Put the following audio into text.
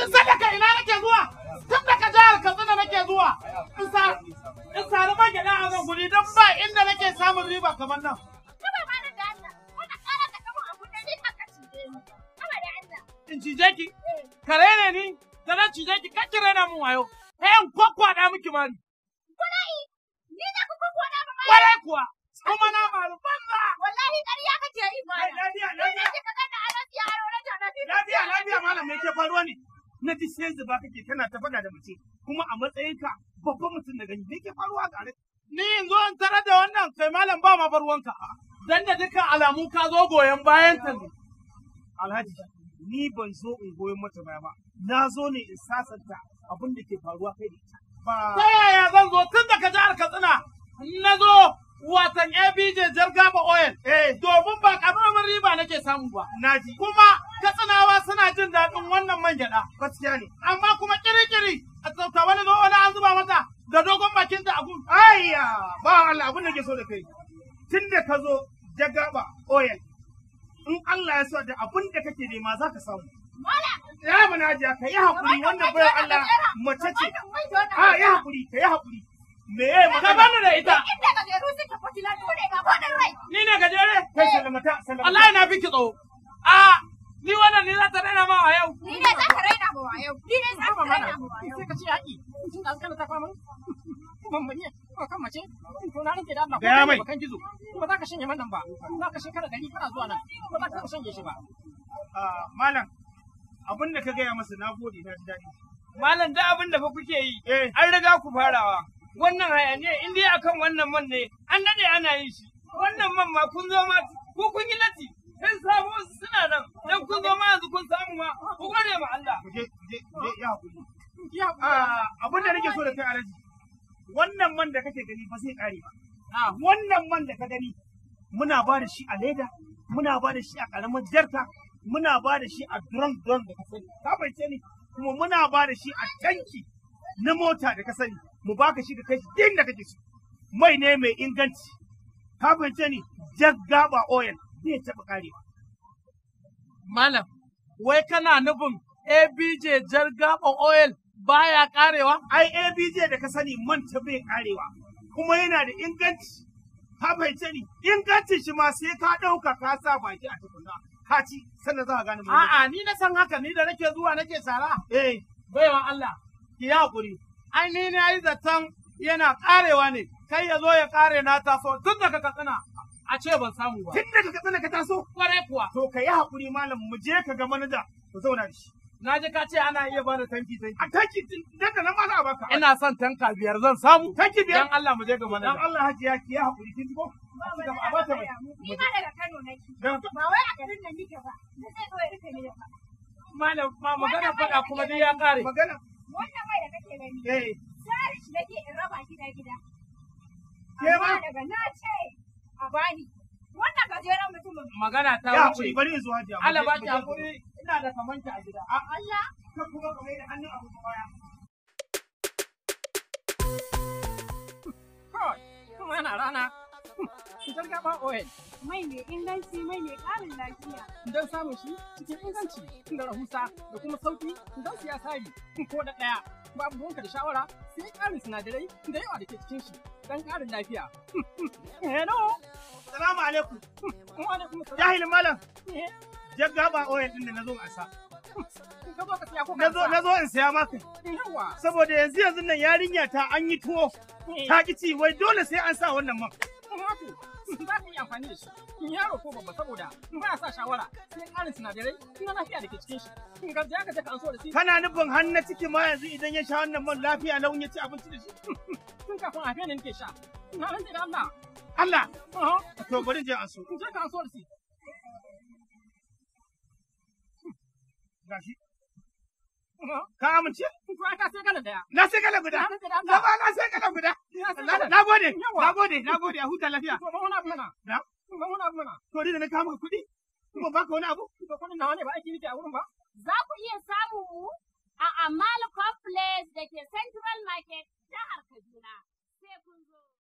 kin san daga ina nake zuwa tun daga jihar katsina nake zuwa in sari man gyaɗa a nan guri don ba inda nake samun riba kamar nan in cije ki kare ne ni da na cije ki kake rena mun wayo eh in kokkwada miki mari wallahi ni da ku kokkwada ba mari wallahi kuwa kuma na maru banza wallahi ƙarya kake yi ba lafiya lafiya lafiya lafiya malam me ke faruwa ne na ji sai zuba kake kana ta faɗa da mace kuma a matsayinka babban mutum na gani me ke faruwa tare ni yanzu an tare da wannan kai malam ba ma bar wanka dan da dukkan alamu ka zo goyon bayan ta ne alhaji ni ban zo in goyon mata baya ba na zo ne in sasanta abin da ke faruwa kai da ita ta yaya zan zo tun da ka jihar katsina na zo watan ABJ Jargaba Oil. Eh. Domin ba karamar riba nake samu ba. Naji. Kuma katsinawa suna jin daɗin wannan man gyaɗa. Gaskiya ne. Amma kuma kirikiri a tsauta wani zo wani an zuba mata da dogon bakin ta a gun. Ayya ba Allah abin da ke so da kai. Tun da ka zo Jargaba Oil. In Allah ya so da abin da kake nema za ka samu. Ya munaja ka yi haƙuri wannan bayan Allah mace ce. Ha ya ah, haƙuri ka yi haƙuri. Me ye bani da ita. Ni ne Allah biki tsawo. A ni wannan ne za ta raina ma yau. Ni ne za ta raina ma yau. Sai mace. na da Allah. mai. Kan gizo. Kuma za ka shanye man nan ba. Za ka shekara gari kana zuwa nan. Kuma za ka shanye shi ba. Ah, malam, abin da ka gaya masa na gode na ji daɗi. Malam da abin da fa kuke yi, eh. an riga ku farawa. wannan hayaniya in dai akan wannan man ne an dade ana yin shi wannan man ma kun zo ma ku kun yi lati kan samu suna nan dan kun zo ma yanzu kun samu ma ku gode ma Allah ah, abin da nake so da kai alaji wannan man da kake gani ba sai ah. kare ba wannan man da ka gani muna ba da shi a leda muna ba da shi a karamar jarta muna ba da shi a drum drum da ka sani ka bai ni kuma muna ba da shi a tanki na mota da ka sani mu baka shi ka kai shi din da kake so mai ne mai inganci ka fahimce ni jaggaba oil zai taɓa karewa malam wai kana nufin abj jaggaba oil baya karewa ai abj da ka sani manta bai karewa kuma yana da inganci ka fahimce ni ingancin shi ma sai ka ɗauka ka sa baki a tukuna ka ci sannan za ka gane a'a ni na san haka ni da nake zuwa nake sara eh baiwa Allah ki yi hakuri ainihin ya yi zaton yana karewa ne kai ya zo ya kare na taso tun daga katsina a ce ban samu ba. Tun daga katsina ka taso? Kwarai kuwa. To ka yi haƙuri malam mu je ka ga manaja ka zauna da shi. Na ji ka ce ana iya bani tanki tanki. A tanki daga nan ma za a baka. Ina son tanka biyar zan samu. Tanki biyar. Dan Allah mu je ga manaja. Dan Allah hajiya ki yi hakuri kin ko? Ni ma daga Kano nake. Ba wai a garin nan nake ba. Zai zo ya rufe ni da ba. Malam ma magana faɗa kuma dai ya ƙare. Magana. Wannan bai da gani. in raba gida gida. Amma daga na ce a bani. Wannan Magana ta wuce. Bari zuwa jiya. Allah ba hakuri ina da kamanta a gida. Allah. Ka kuma kamar da hannun abu baya. Kawai, kuma na rana. Fitar gaba oil. Mai inganci mai tsarin lafiya don samun shi cikin inganci da rahusa da kuma sauti don ya sari ko da ɗaya ba abubuwanka da shawara sai ƙarin sinadarai da yawa da ke cikin shi don ƙarin lafiya. Hello! Salamu alaikum! Jahilin malam! Eh? ɗin da na zo a sa. Na zo in saya maka. Saboda yanzu yanzu nan yarinya ta an yi tuwo eh. ta wai dole sai an sa wannan man. tomato za ku yi amfani da shi in yaro ko babba saboda in ba sa shawara sai ƙarin sinadarai na lafiya da ke cikin shi in ga ka je ka anso da shi kana nufin har na ciki ma yanzu idan ya sha wannan man lafiya na ya ci abinci da shi tun kafin a ne nake sha na rantsa da Allah Allah to bari je anso je ka anso da shi gashi Ka amince? ka sai kala daya. Na sai kala guda. Na ba na sai kala guda. Na gode, na gode, na gode, a huta lafiya. To, wani abu mana. Da? Wani abu mana. To, da na kama kuɗi? Kuma baka wani abu? To, kuɗin nawa ne ba aiki nake a wurin ba? Za ku iya samu mu a Amal Complex da ke Central Market jihar Kaduna. Sai kun zo.